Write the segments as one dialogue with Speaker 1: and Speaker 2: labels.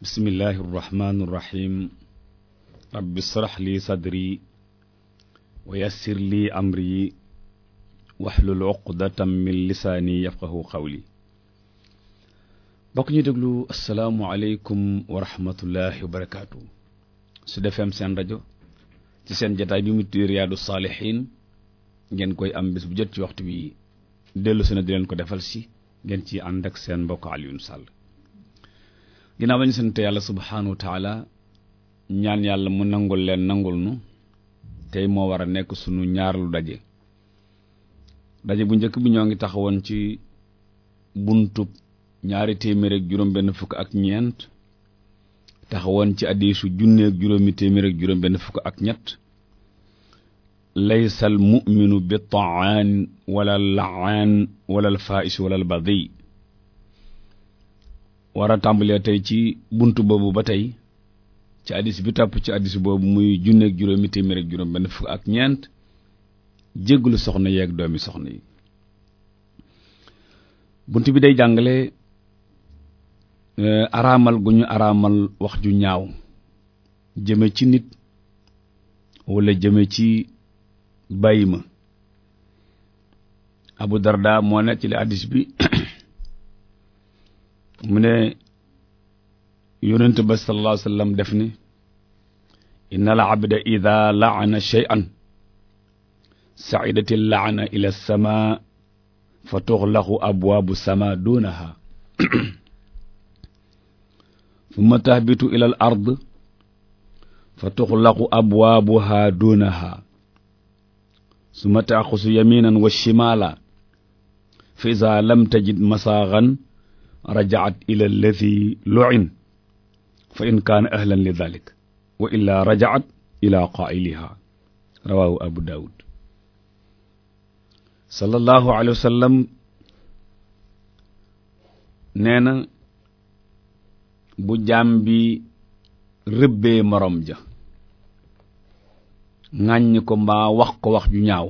Speaker 1: bismillahi irrahmani irrahim rabbi srax li sadri wa yassir li amri waxlul uqdatam min lisaani yafqahu qawli bokk ñu déglu asalaamualeykum wa rahmatullahi wa barakaatu su defeem seen rajo ci seen jataay bi mu tudd Riyaadu Saalihiin ngeen koy am bés bu jot ci waxtu wi dellu si na dileen ko defal si ngeen ci ànd ak seen mbokk Alioune Sall ginnaaw ba ñu sant yàlla subhaanahu wa taala ñaan yàlla mu nangul leen nangul nu tey moo war a nekk sunu ñaarlu daje daje bu njëkk bi ñoo ngi taxawoon ci buntub ñaari téeméer juróom benn fukk ak ñeent taxawoon ci addiisu junne juróomi téeméer juróom benn fukk ak ñett laysal mu'minu bi ta'aan wala la'aan wala al wala al war a tàmbalee tey ci bunt boobu ba tey ci addis bi topp ci addis boobu muy junneeg juróomi téeméer ak juróom benn fukk ak ñeent jéggalu soxna yeeg doomi soxna yi bunt bi day jàngale euh, araamal gu ñu araamal wax ju ñaaw jëme ci nit wala jëme ci bàyyi ma abu darda moo nekk ci li addis bi mu ne yonent ba sallallahu alayhi wa sallam def ni inna al abda ida laana shay'an saidati laana ila sama fa tuxlaqu abwaabu sama duunaha summa tahbitu ila al ard fa tuxlaqu abwaabuha duunaha summa taaxusu yaminan wa shimala fa iza lam tajid masaaxan rajaat ila alladi lu'in fa in kaana ahlan li dalik wa illaa rajaat ila qaa'iliha rawaahu abu daawud sallallahu alayhi wa nee na bu jaam bi rëbbee morom ja ŋàññ ko mbaa wax ko wax ju ñaaw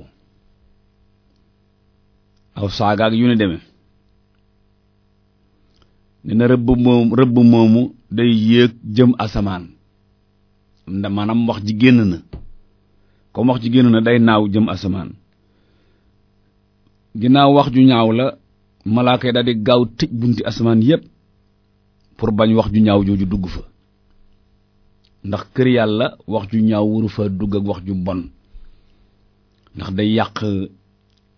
Speaker 1: aw saagaag yu ne deme ne na rëbb moom rëbb moomu day yéeg jëm asamaan nda wax ji génn na comme wax ji génn na day naaw jëm asamaan ginnaaw wax ju ñaaw la malaaka yi daal di gaaw tëj bunti asamaan yépp pour bañ wax ju ñaaw jooju dugg fa ndax kër yàlla wax ju ñaaw waru fa dugg ak wax ju mbon ndax day yàq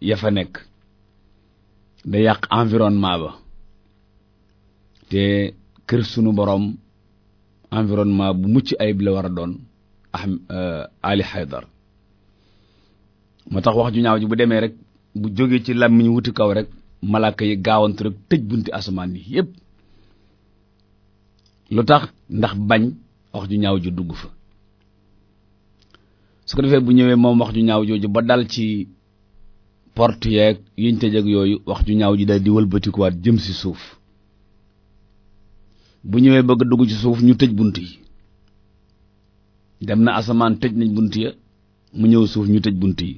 Speaker 1: ya fa nekk day yàq environnement ba te kër sunu boroom environnement bu mucc ayib la war a doon ah eh, Ali Haydar moo tax wax ju ñaaw ji bu demee rek bu jógee ci làmmiñ wuti kaw rek malaaka yi gaawantu rek tëj bunti asamaan yi yépp lu tax ndax bañ wax ju ñaaw ju dugg fa su ko defee bu ñëwee moom wax ju ñaaw jooju ba dal ci porte yeeg yiñ tëj ak yooyu wax ju ñaaw ji dal di wëlbatikuwaat jëm si suuf bu ñëwee bëgg dugg ci suuf ñu tëj bunt yi dem na asamaan tëj nañ bunt ya mu ñëw suuf ñu tëj bunt yi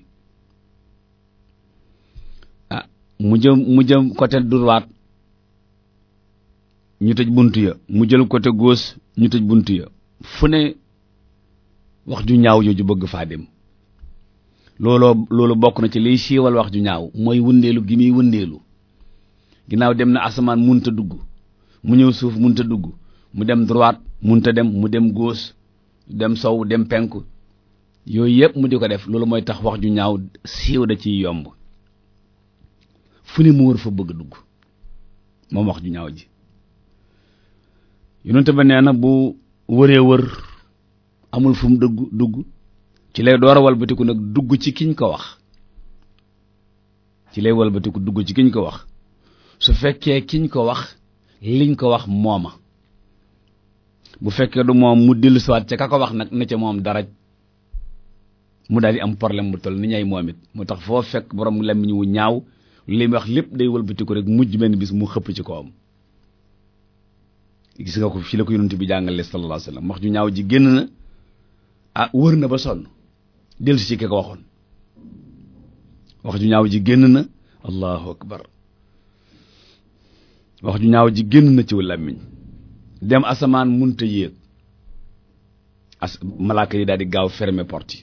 Speaker 1: ah mu jëm mu jëm côté droite ñu tëj bunt ya mu jël côté gauche ñu tëj bunt ya fu ne wax ju ñaaw jooju bëgg faadim looloo loolu bokk na ci liy siiwal wax ju ñaaw mooy wëndeelu gi muy wëndeelu ginnaaw dem na asamaan munta dugg mu ñëw suuf mënut dugg mu dem droite mënut a dem mu dem góos dem sow dem penku yooyu yëpp mu di ko def loolu mooy tax wax ju ñaaw siiw da ciy yomb fu ne mu wër fa bëgg dugg moom wax ju ñaaw ji yonente ba nee na bu wëree wër amul fu mu dugg dugg ci lay door a walbatiku nag dugg ci kiñ ko wax ci lay walbatiku dugg ci kiñ ko wax su fekkee kiñ ko wax liñ ko wax mooma bu fekkee du moom mu dellu siwaat ca ka ko wax nag na ca moom dara mu daal di am problème bu toll ni ñay moom it moo tax foo fekk borom làmmiñ wu ñaaw li mu wax lépp day wëlbati ko rek mujj benn bis mu xëpp ci kawam gis nga ko fi la ko yonent bi jàngale sallallahu alayhi wasallam wax ju ñaaw ji génn na a ah, wër na ba sonn dellusi si ci ki ko waxoon wax ju ñaaw ji génn na allahu akbar wax ju ñaaw ji génn na ci wu làmmiñ dem asamaan munta yéeg as malaaka yi daal di gaaw fermer porti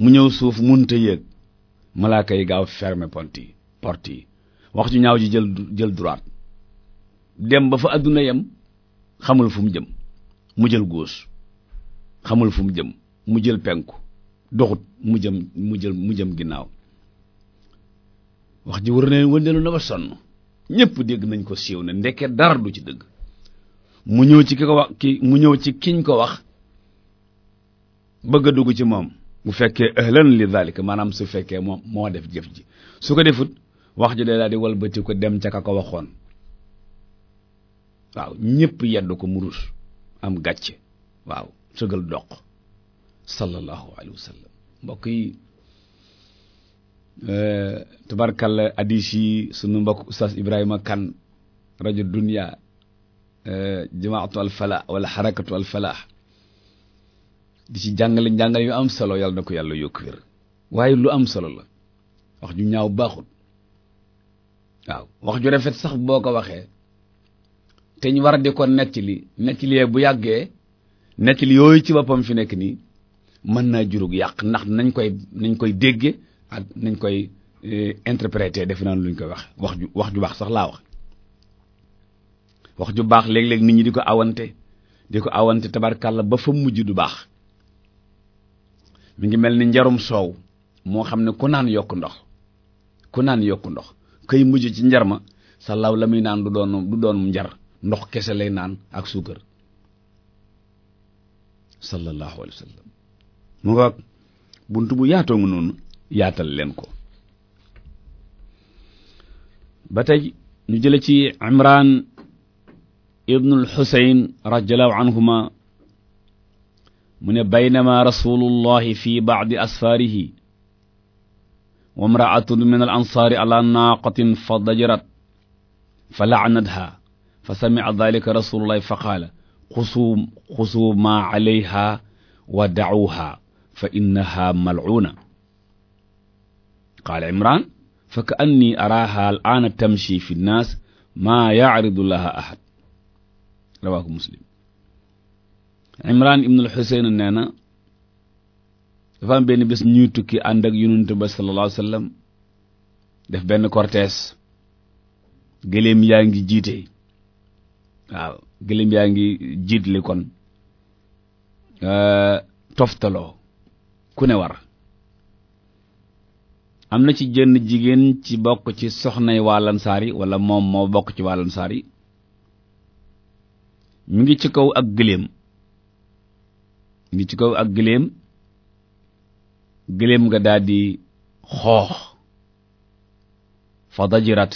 Speaker 1: mu ñëw suuf munta yéeg malaaka yi gaaw fermer porte yi porte yi wax ju ñaaw ji jël jël droite dem ba fa àdduna yem xamul fu mu jëm mu jël gauche xamul fu mu jëm mu jël penku doxut mu jëm mu jël mu jëm ginnaaw wax ji wër ne wëndeelu na ba sonn ñëpp dégg nañ ko siiw na ndeke dara du ci dëgg mu ñëw ci ki ko wax ki mu ñëw ci kiñ ko wax bëgg a dugg ci moom bu fekkee ahlan li zalika maanaam su fekkee moom moo def jëf ji su ko defut wax ji day daal di walbati ko dem ca ka ko waxoon waaw ñëpp yedd ko mu rus am gàcce waaw sëgal doq sallallahu alayhi wa sallam Eh, tubarkalla addis yi sunu mbokk oustaz Ibrahima Kane rajo Dunia eh, jamaatu alfalaax wala xarakatu alfalaax di ci jàngale njàngale yu am solo yàlla na ko yàlla yokk wér waaye lu am solo la wax ju ñaaw baaxul waaw wax ju rafet sax boo ko waxee te ñu war a di ko li nettalee bu yàggee nettali yooyu ci boppam fi nekk nii mën naa jurug yàq ndax nañ koy nañ koy dégge ak nañ koy eh, interpréter defe naa luñ koy wax wax ju wax ju baax sax laa wax wax ju baax léeg-léeg nit ñi di ko awante di ko awante tabarkàlla ba fa mujj du baax mu ngi mel ni njarum soow moo xam ne ku naan yokk ndox ku naan yokk ndox kay mujj ci njar ma sa law la muy naan du doon du njar ndox kese lay naan ak suukar sallallahu alayhi wa sallam mu nga buntu bu yaatoo nga noonu yaatal leen ko ba tey ñu jële ci imran ibnul xusayn radiallahu anhuma mu ne baynama rasulullahi fi bacdi asfaarihi wa mraatun min al ansaari ala naaqatin fa dajarat fa laanatha fa samica dalika rasulullahi fa qaala xusuu xusuu maa calayha wa dacuuha fa innaha malcuuna qaala imran fa ka araaha al aana tamshi fi nnaas maa yacridu laha ahad rawaahu muslim imran ibnul xuseyn nee na dafa am benn bés ñuy tukki ànd ak yonent ba sallallahu alayhi def benn cortège gëléem yaa ngi jiite waaw gëléem yaa ngi jiitli kon toftaloo ku ne war am na ci jënn jigéen ci bokk ci soxnay waa lansaar yi wala moom moo bokk ci waa lansaar yi mi ngi ci kaw ak gëléem mi ngi ci kaw ak gëléem gëléem nga daldi xoox fa dajirat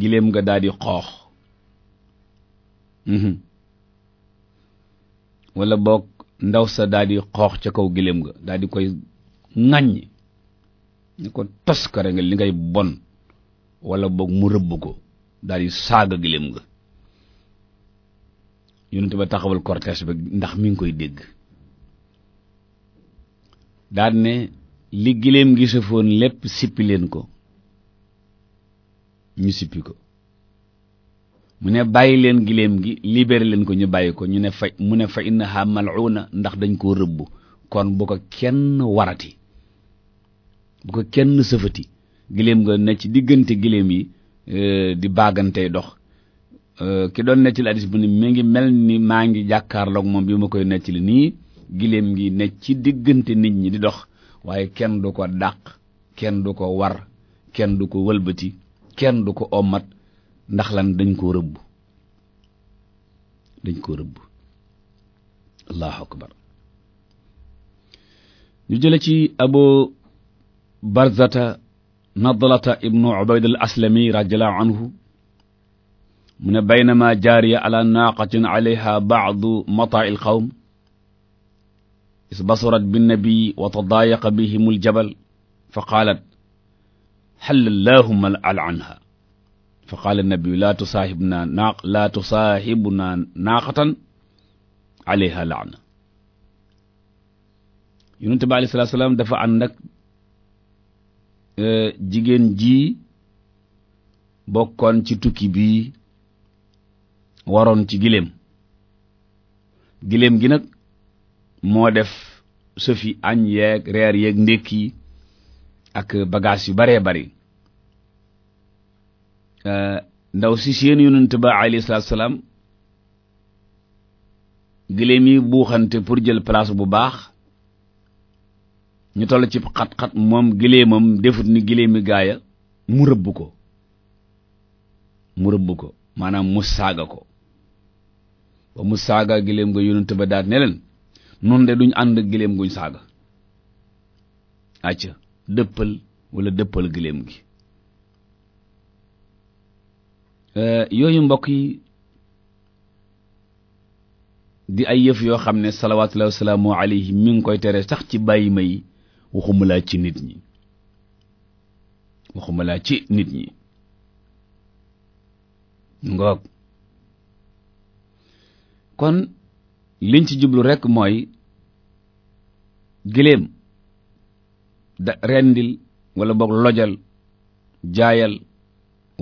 Speaker 1: gëléem nga daldi xoox mhm. wala boog ndaw sa daldi xoox ca kaw gëléem nga daldi koy ŋàññ ni ko toskare nga li ngay bon wala boog mu rëbb ko daal di saaga giléem nga yonent ba taxawal cortège bi ndax mi ngi koy dégg daal li giléem gi sëfoon lépp sippi leen ko ñu sippi ko mu ne bàyyi leen giléem gi libéré leen ko ñu bàyyi ko ñu ne fa mu ne fa innaha mal'una ndax dañ koo rëbb kon bu ko kenn warati bu ko kenn sëfati giléem nga ne ci diggante giléem yi euh, di baagantey dox euh, ki doon necc li addis bu ni mi ngi mel ni maa ngi jàkkaarloog moom bi ma koy necc li nii giléem gi ne ci diggante nit ñi di dox waaye kenn du ko dàq kenn du ko war kenn du ko wëlbati kenn du ko ommat ndax lan dañ koo rëbb dañ koo rëbb allahu akbar ñu jële ci abo barzata nadlata ibnu ubayd al aslami radiallahu anhu mu ne baynama jaariya ala naaqatin alayha baadu mataa'il qawm isbasurat binnabii wa tadaayaqa bihim aljabal fa qaalat xalla allahuma al anha fa qaala nabiyu laa tusaahibnaa naaq laa tusaahibnaa naaqatan alayha laana yonente bi alayhi salaatu wa salaam dafa ànd ak E, jigéen ji bokkoon ci tukki bi waroon ci giléem giléem gi nag moo def sofi añ yeeg reer yeeg ndékki ak bagage yu baree bari e, ndaw si seen yonent ba alayhi salaatu salaam giléem yi buuxante pour jël place bu baax ñu toll ci xat-xat moom gileemam defut ni gileemi gaaya mu rëbb ko mu rëbb ko maanaam mu saaga ko ba mu saaga gileem nga yonent ba daat ne noonu de duñ ànd gileem guñ saaga acca dëppal wala dëppal gileem gi eh, yooyu mbokk yi di ay yëf yoo xam ne salawaatullahi wasalaamu alayhi mi ngi koy tere sax ci bàyyi ma waxuma laa ci nit ñi waxuma laa ci nit ñi ngoog kon liñ ci jublu rekk mooy gëléem rendil wala boog lojal jaayal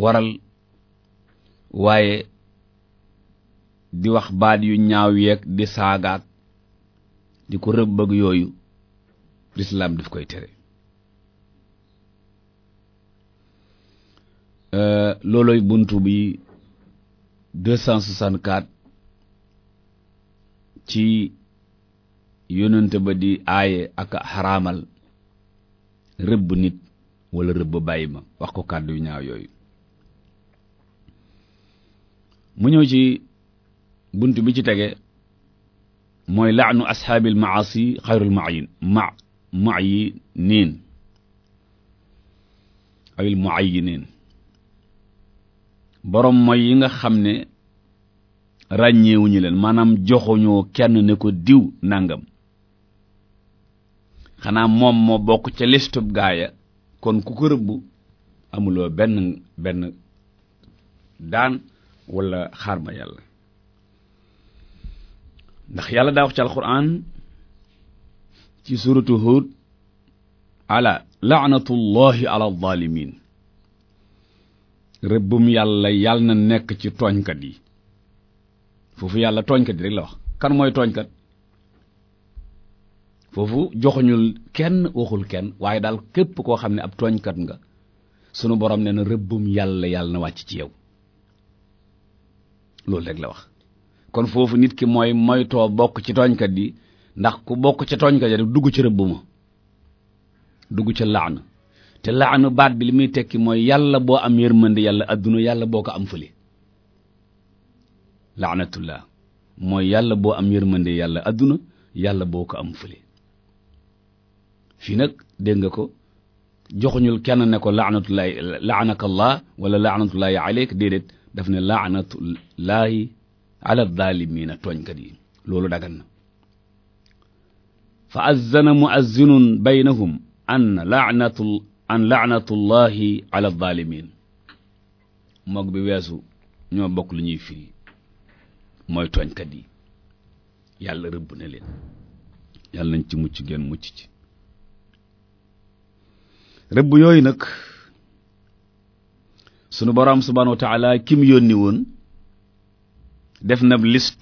Speaker 1: waral waaye di wax baat yu ñaaw yeeg di saagaak di ko rëbbëg yooyu lislaam daf koy tere euh, looloy buntu bi deux cent ci yonente ba di aaye ak xaraamal rëbb nit wala rëbb bàyyi ma wax ko kàddu yu ñaaw yooyu mu ñëw ci bunt bi ci tege mooy laanu ashaabil maasi xayrul maayin ma yi muayyiniin awil muayyiniin boroom mooy yi nga xam ne ràññeewuñu leen maanaam joxuñoo kenn ne ko diw nangam xanaa moom moo bokk ca listub gaaya kon ku ko rëbb amuloo benn benn daan wala xaar ma yàlla ndax yàlla daa wax ci alquran ci suratu Hud ala laanatullahi ala zalimin rëbbum yàlla yàll na nekk ci tooñkat yi foofu yàlla tooñkat yi rek la wax kan mooy tooñkat foofu joxuñul kenn waxul kenn waaye daal képp koo xam ne ab tooñkat nga sunu borom nee na rëbbum yàlla yàlla na wàcc ci yow loolu rek la wax kon foofu nit ki mooy moytoo bokk ci tooñkat yi ndax ku bokk ca tooñ ko ja dugg ca rëbb ma dugg ca laanu te laanu baat bi li muy tekki mooy yàlla boo am yërmande yàlla adduna yàlla boo ko am fële laanatullah mooy yàlla boo am yërmande yàlla adduna yàlla boo ko am fële fii nag dégg nga ko joxuñul kenn ne ko laanatullaahi laanakallaa wala laanatullaahi aleyk déedéet daf ne laanatullaahi ala daalimiina tooñkat yi loolu dagal na fa azzana muazzinun baynahum an la'natu an la'natullahi ala zalimin moog bi weesu ñoo bokk lu ñuy firi mooy tooñkat yi yàlla rëbb na leen yàlla nañ ci mucc ngeen mucc ci rëbb yooyu nag sunu boroom subhaanahu wa taala kim yónni woon def na list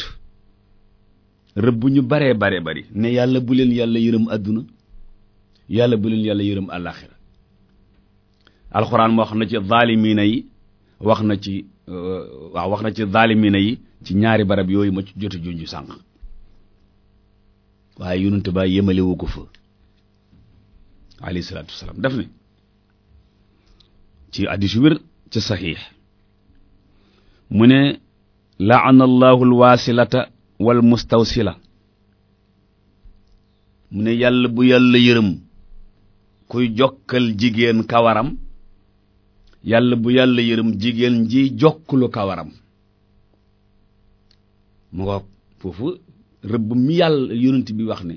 Speaker 1: rëbb ñu baree bare bari ne yàlla bu leen yàlla yërëm àdduna yàlla bu leen yàlla yërëm àllaaxira alxuraan wax na ci zaalimiina yi wax na ci euh, waaw wax na ci zaalimiina yi ci ñaari barab yooyu ma jot ju junj sànq waaye yonent ba yemalewu ko fa alayhi salaatu def ne ci hadiis wér ci saxiix mu ne laana allahu alwaasilata wal mustawsila mu ne yàlla bu yàlla yërëm kuy jokkal jigéen kawaram yàlla bu yàlla yërëm jigéen ji jokkulu kawaram mu nga foofu rëbb mi yàlla yonent bi wax ne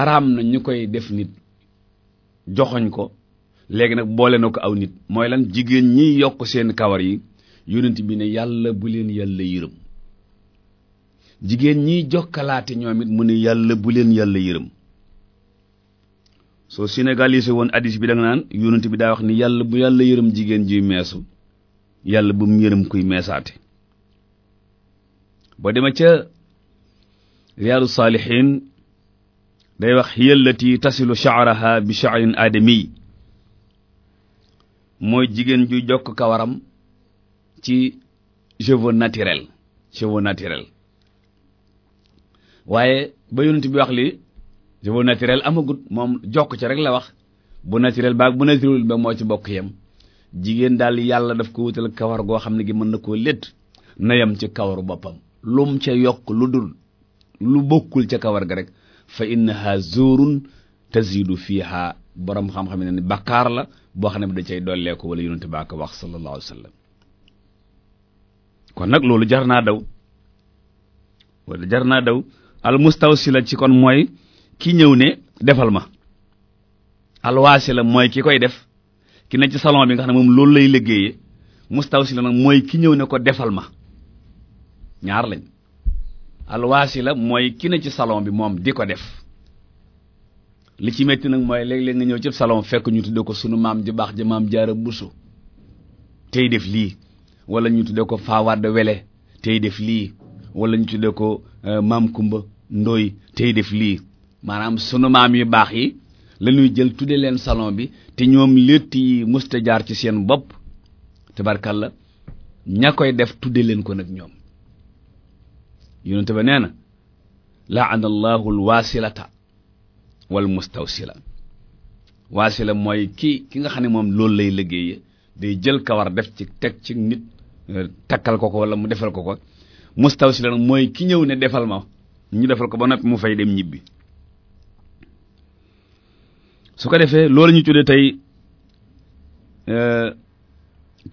Speaker 1: araam na ñu koy def nit joxoñ ko léegi nag boole na ko aw nit mooy lan jigéen ñiy yokk seen kawar yi yonent bi ne yàlla bu leen yàlla yërëm jigéen ñiy jokkalaate ñoom it mu ne yàlla bu leen yàlla yërëm soo sénégalisé woon addis bi da nga naan yonent bi daa wax ni yàlla bu yàlla yërëm jigéen juy meesu yàlla bu mu yërëm kuy meesaate boo demee ca riyaadu saalihiin day wax hiya allati tasilu sha'raha bi sha'rin aadami mooy jigéen ju jokk kawaram ci cheveux naturel cheveux naturel waaye ba yonent bi wax lii jëfoo naturel amagut moom jokk ci rek la wax bu naturel baa bu naturel ba moo ci bokk yem jigéen daal yàlla daf ko wutal kawar goo xam ne gi mën na koo létt na yem ci kawaru boppam mu ca yokk lu dul lu bokkul ca kawar gi rek fa innaha zurun tazidu fiha borom xam-xam ne ni bakkaar la boo xam ne bi da cay dollee ko wala yonent baa ko wax sallallahu alayhi wa sallam kon nag loolu jar naa daw wala jar naa daw al la ci kon mooy ki ñëw ne defal ma al la mooy ki koy def ki ne ci salon bi nga xam ne moom loolu lay liggéeyee la nag mooy ki ñëw ne ko defal ma ñaar lañ al waasila mooy ki ne ci salon bi moom di ko def li ci metti nag mooy léeg-léeg nga ñëw ci salon fekk ñu tudde ko sunu maam ji baax ja maam jaara buso tey def lii wala ñu tudde ko faawaat de wele tey def lii wala ñu tuddee ko euh, maam Kumba Ndoy tey def lii maanaam sunu maam yu baax yi la ñuy jël tuddee leen salon bi te ñoom létt yi musta jaar ci seen bopp te la ña koy def tuddee leen ko nag ñoom yonente ba nee na laana allahu alwasilata wal mustawsila waasila mooy kii ki nga xam ne moom loolu lay liggéeyee day jël kawar def ci teg ci nit euh, takkal ko ko wala mu defal ko ko si mustawsilan mooy ki ñëw ne defal ma ñu defal ko ba noppi mu fay dem ñibbi su ko defee loolu ñu tuddee tey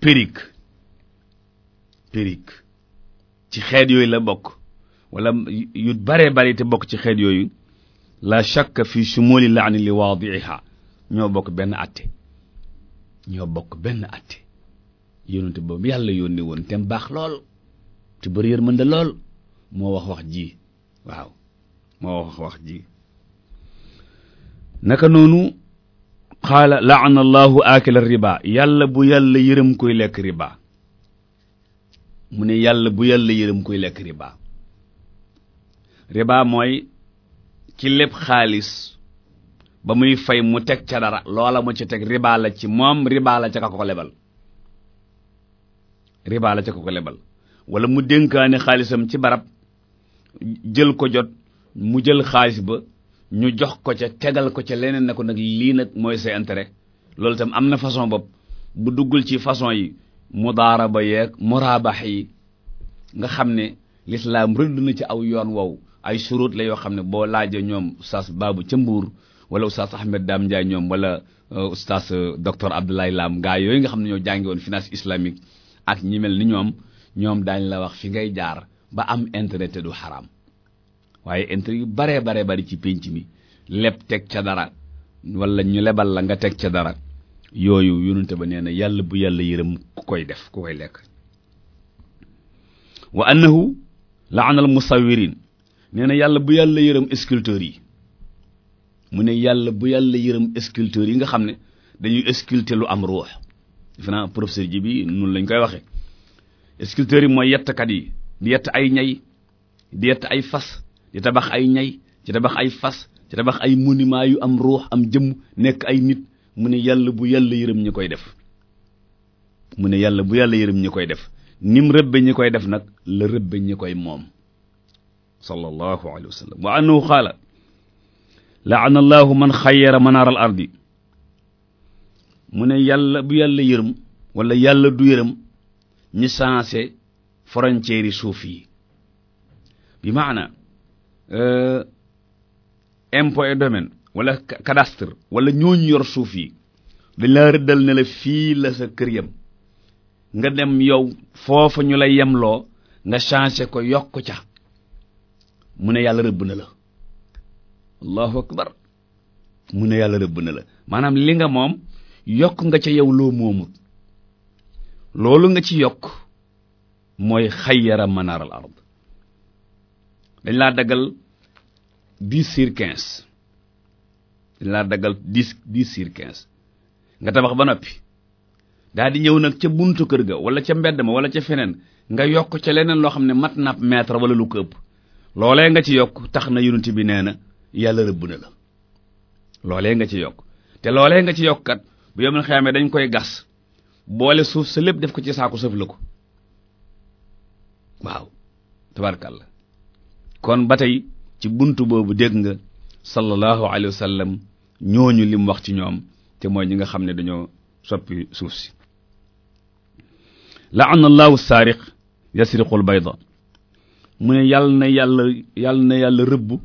Speaker 1: périk euh, périk ci xeet yooyu la bokk wala yu bare bare te bokk ci xeet yooyu la shakka fi shumuli laani li waadiha ñoo bokk benn atte ñoo bokk benn atte yonente boobu yàlla yónni woon te mu baax lool te bëri yërmande lool moo wax wax ji waaw wax ji naka noonu xaala laana allahu akila riba yàlla bu yàlla yërëm koy lekk riba mu ne yàlla bu yàlla yërëm kuy lekk riba riba mooy ci lépp xaalis ba muy fay mu teg ca dara loola mu ci teg riba la ci moom riba la ca ka ko lebal riba la ca ka ko lebal wala mu dénkaane xaalisam ci barab jël ko jot mu jël xaalis ba ñu jox ko ca tegal ko ca leneen na ko nag lii nag mooy sa intérêt loolu tam am na façon bopp bu duggul ci façon yi mudaaraba yeeg muraabax yi nga xam ne lislaam rëdd na ci aw yoon wow ay suruut la yoo xam ne boo laajee ñoom oustaz baabu ca Mbuur wala oustaz Ahmed daam Ndiaye ñoom wala euh, oustaz euh, docteur Abdoulaye Lam gaa yooyu nga xam ne ñoo jàngi finance islamique ak ñi mel ni ñoom ñoom daañ la wax fi ngay jaar ba am intérêt te du xaraam waaye intérêt yu baree bare bari ci pénc mi leb teg ca dara wala ñu lebal la nga teg ca dara yooyu yonente ba nee na yàlla bu yàlla yërëm ku koy def ku koy lekk wa annahu laanal musawirin nee na yàlla bu yàlla yërëm sculpteurs yi mu ne yàlla bu yàlla yërëm sculpteurs yi nga xam ne dañuy sculpter lu am ruux defe naa professeur ji bi noonu lañ koy waxee sculpteurs yi mooy yettkat yi di yett ay ñay di yett ay fas di tabax ay ñay ci tabax ay fas ci tabax ay monument yu am ruux am jëm nekk ay nit mu ne yàlla bu yàlla yërëm ñi koy def mu ne yàlla bu yàlla yërëm ñi koy def nim rëbbe ñi koy def nag la rëbbe ñi koy moom sallallahu alayhi wa sallam wa annahu qaala laana allahu man xayyara manaar al ardi mu ne yàlla bu yàlla yërëm wala yàlla du yërëm ñu changé frontière yi suuf yi bi maana euh, impôt et domaine wala cadastre wala ñooñu yor suuf yi dañ laa rëddal ne la fii la sa kër yam nga dem yow foofa ñu la yemloo nga changé ko yokk ca mu ne yàlla rëbb na la allahu akbar mu ne yàlla rëbb na la maanaam li nga moom yokk nga ca yow loo moomut loolu nga ci yokk mooy xayyara manaaral ard dañ laa daggal dix sur laa daggal dix dix sur quinze nga tabax ba noppi daa di ñëw nag ca buntu kër ga wala ca mbedd ma wala ca feneen nga yokk ca leneen loo xam ne mat napp mètre wala lu ko ëpp loolee nga ci yokk tax na yonent bi nee na yàlla rëbb na la loolee nga ci yokk te loolee nga ci yokkat bu yomul xeamee dañ koy gas boole suuf sa lépp def ko ci saako sëf ko waaw tabarkàlla kon ba tey ci bunt boobu dégg nga sallallahu alayhi wa sallam ñooñu lim wax ci ñoom te mooy ñi nga xam ne dañoo soppi suuf si la'ana allahu saariq yasriqul bayda mu ne yàll na yàlla yàll na yàlla rëbb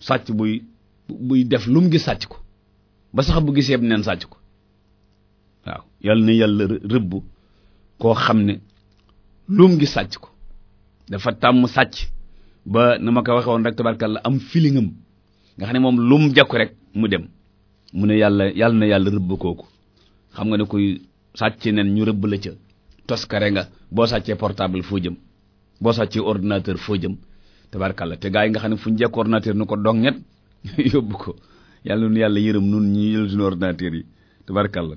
Speaker 1: sàcc buy buy def lu mu gis sàcc ko ba sax bu gisee nen sàcc ko yàlla na yàlla rëbb koo xam ne luum ngi sàcc ko dafa tàmm sàcc ba na ma ko waxe woon rek la am filingam nga xam ne moom lum jakku rek mu dem mu ne yàlla yàlla na yàlla rëbb kooku xam nga ne koy sàcc nen ñu rëbb la ca toskare nga boo sàccee portable foo jëm boo sàccee ordinateur foo jëm tabarkalla te gaa yi nga xam ne fu ñu jekk ordinateur nu ko doŋ yóbbu ko yàlla nu yàlla yërëm nun ñu jël suñu ordinateur yi la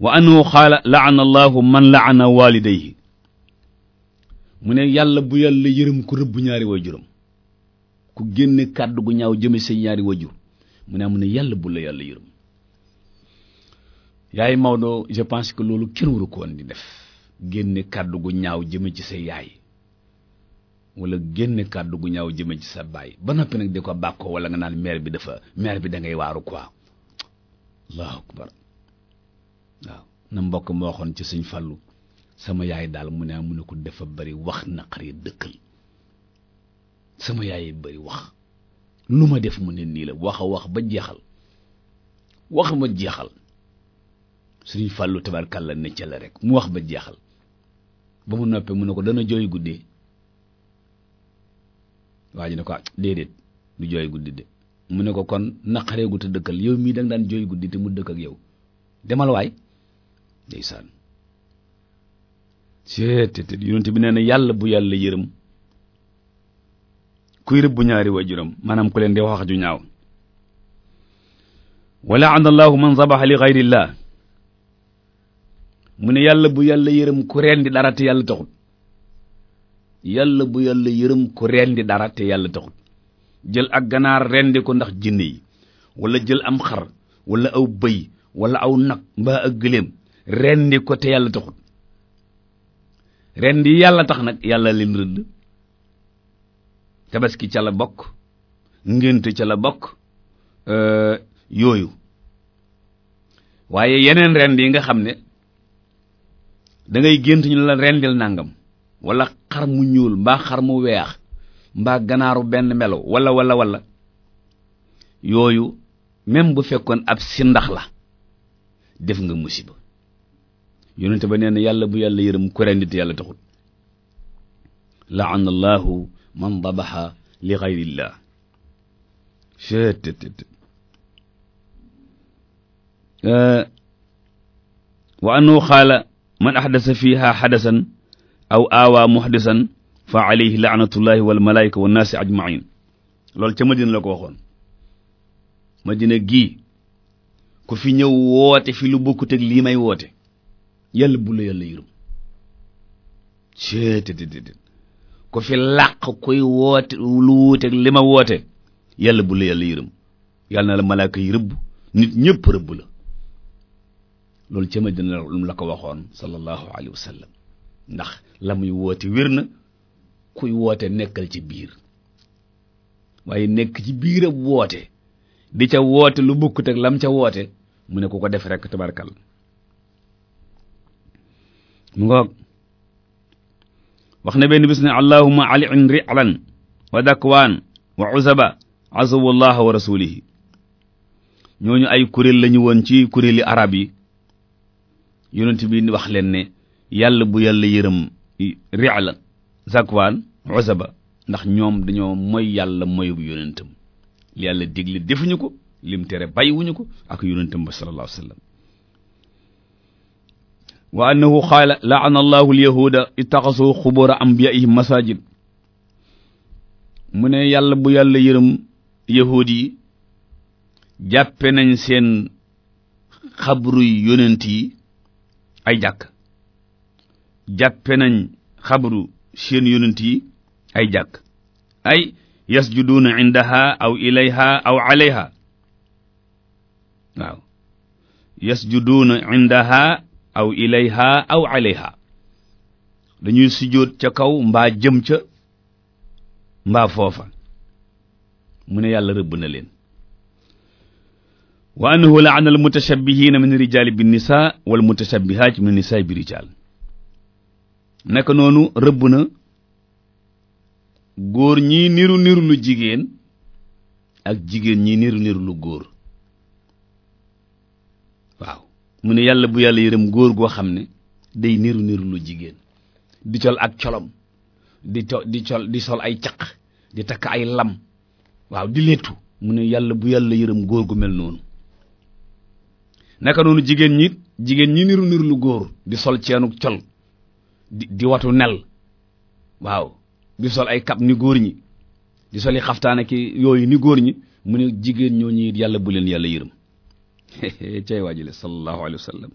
Speaker 1: wa annahu qaala laana allahu man laana walidayhi mu ne yàlla bu yàlla yërëm ku rëbb ñaari waajuram ku génne kàddu gu ñaaw jëme sa ñaari waajur mu ne mu ne yàlla bu la yàlla yërëm yaay Maodo je pense que loolu kenn waru ko di def génne kàddu gu ñaaw jëme ci sa yaay wala génne kàddu gu ñaaw jëme ci sa baay ba noppi nag di ko bàkkoo wala nga naan maire bi dafa maire bi da ngay waaru quoi allahu akbar waaw na mbokk ma waxoon ci suñ fallu sama yaay daal mu ne mu ne ko dafa bari wax naqari dëkkal sama yaay bari wax lu ma def mu ne nii la wax a wax ba jeexal wax ma jeexal suñ fàllu tabarkàlla ne ca la rek mu wax ba jeexal ba mu noppee mu ne ko dana jooy guddee waa ji ne ko ah déedéet du jooy guddi de mu ne ko kon naqareegu te dëkkal yow mii da nga daan jooy guddi te mu dëkk ak yow demal waay ndeysaan seete te bi nee na yàlla bu yàlla yërëm kuy rëbb ñaari wa waajuram maanaam ku leen di wax ju ñaaw wala an allahu man zabaxa li xayrillah mu ne yàlla bu yàlla yërëm ku rendi dara te yàlla taxut yàlla bu yàlla yërëm ku rendi dara te yàlla taxut jël ak ganaar rendi ko ndax jinne yi wala jël am xar wala aw bëy wala aw nag mbaa ak gëléem rendi ko te yàlla taxul rendi yàlla tax nag yàlla leen rëdd tabaski ca la bokk ngénte ca la bokk euh, yooyu waaye yeneen rend yi nga xam ne dangay ngay gént ñu la rendil nangam wala xar mu ñuul mbaa xar mu weex mbaa ganaaru benn melo wala wala wala yooyu même bu fekkoon ab sindax la def nga musiba yonente ba nee na yàlla bu yàlla yërëm ku rendi te yàlla taxul laana allahu man dabaxa li xayrillah cettt euh, wa annahu qaala man axdasa fiha xadasan aw aawaa muxdisan fa alayhi laanatullahi walmalaika wannaasi ajmain loolu ca madina la ko waxoon madina gii ku fi ñëw woote fi lu bokkut ak lii may woote yàlla bu la yàlla yërëm cettt ku fi làq kuy woote lu wuuteeg li ma woote yàlla bu la yàlla yërëm yàlla na la malaaka yi rëbb nit ñëpp rëbb la loolu ca ma lu la ko waxoon sallallahu alayhi wa sallam ndax la muy woote wér na kuy woote nekkal ci biir waaye nekk ci biir ab woote di ca woote lu bukkut ak lam ca woote mu ne ku ko def rek tabarkal mu ngoog wax na benn bis ne allahuma ali in ri'lan wa dakwaan wa uzaba azawu allah wa rasulihi ñooñu ay kuréel lañu woon ci kuréeli arab yi yonent bi wax leen ne yàlla bu yàlla yërëm ri'la zakwaan uzaba ndax ñoom dañoo moy yàlla moyu bu yonentam li yàlla digle defuñu ko lim tere bàyyiwuñu ko ak yonentam ba sallallahu alayhi wasallam wa annahu qaala la'ana allahu alyahuuda ittaxasu xubura anbiyaihim masajid mu ne yàlla bu yàlla yërëm yahuud yi jàppe nañ seen xabruy yonent yi ay jàkk jàppe nañ xabru seen yonent ay jàkk ay yasjuduuna indaha aw ilayha aw alayha waaw yasjuduuna aw ilayha aw alayha dañuy sujjóot ca kaw mbaa jëm ca mbaa foofa mu ne yàlla rëbb na leen wa annahu laana al mutashabbihiina min rijaali bi nisaa wal mutashabbihaat min nisaa bi rijaal naka noonu rëbb na góor ñi niru niru lu jigéen ak jigéen ñi niru niru lu góor waaw mu ne yàlla bu yàlla yërëm góor goo xam ne day niru niru lu jigéen di col ak colom di to di col di sol ay caq di takk ay lam waaw di léttu mu ne yàlla bu yàlla yërëm góor gu mel noonu naka noonu jigéen ñi jigéen ñi niru niru lu góor di sol ceenu col di di watu nel waaw di sol ay kap ni góor ñi di soli xaftaane ki yooyu ni góor ñi mu ne jigéen ñoo ñi yàlla bu leen yàlla yërëm cay waajule sallallahu alayhi wa sallam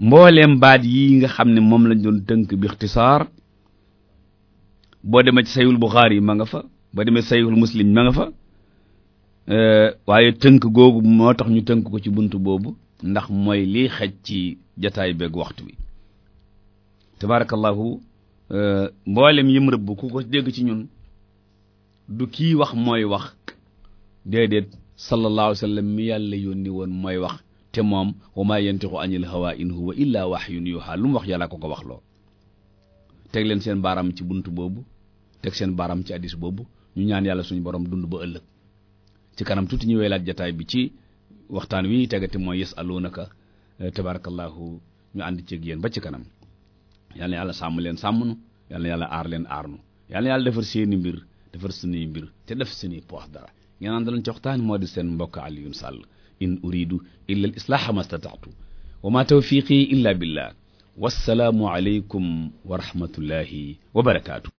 Speaker 1: mbooleem baat yi nga xam ne moom lañ doon tënk bi ixtisaar boo demee ci sayul Buxaari ma nga fa boo demee ci sayul Muslim ma nga fa eh, waaye tënk googu moo tax ñu tënk ko ci bunt boobu ndax mooy liy xej ci jataay beeg waxtu wi tabarakallahu eh, mboolem yim rëbb ku ko dégg ci ñun du kii wax mooy wax déedéet sallallahu alayhi wa sallam mi yàlla yónni woon mooy wax te moom wa maa yantiqu anil hawa in huwa illaa wahyun yuuhaa lu mu wax yàlla ko ko wax loo teg leen seen baaraam ci bunt boobu teg seen baaraam ci addis boobu ñu ñaan yàlla suñu borom dund ba ëllëg ci kanam tuuti ñu welaat jataay bi ci waxtaan wi te mooy yasaluunaka eh, tabarakallahu ñu ànd ceeg yéen ba ci kanam yal na yàlla sàmm leen sàmm nu yal na yàlla aar leen aar nu yal na yàlla defar seeni mbir defar suñuy mbir te def suñuy poos dara ñu naan dalañ ci waxtaan moo di seen mbokk Alioune Sall in uridu illa al islaaha mastata'tu wa ma tawfiqi illa billah wassalaamu aleykum wa rahmatullahi wa barakaatu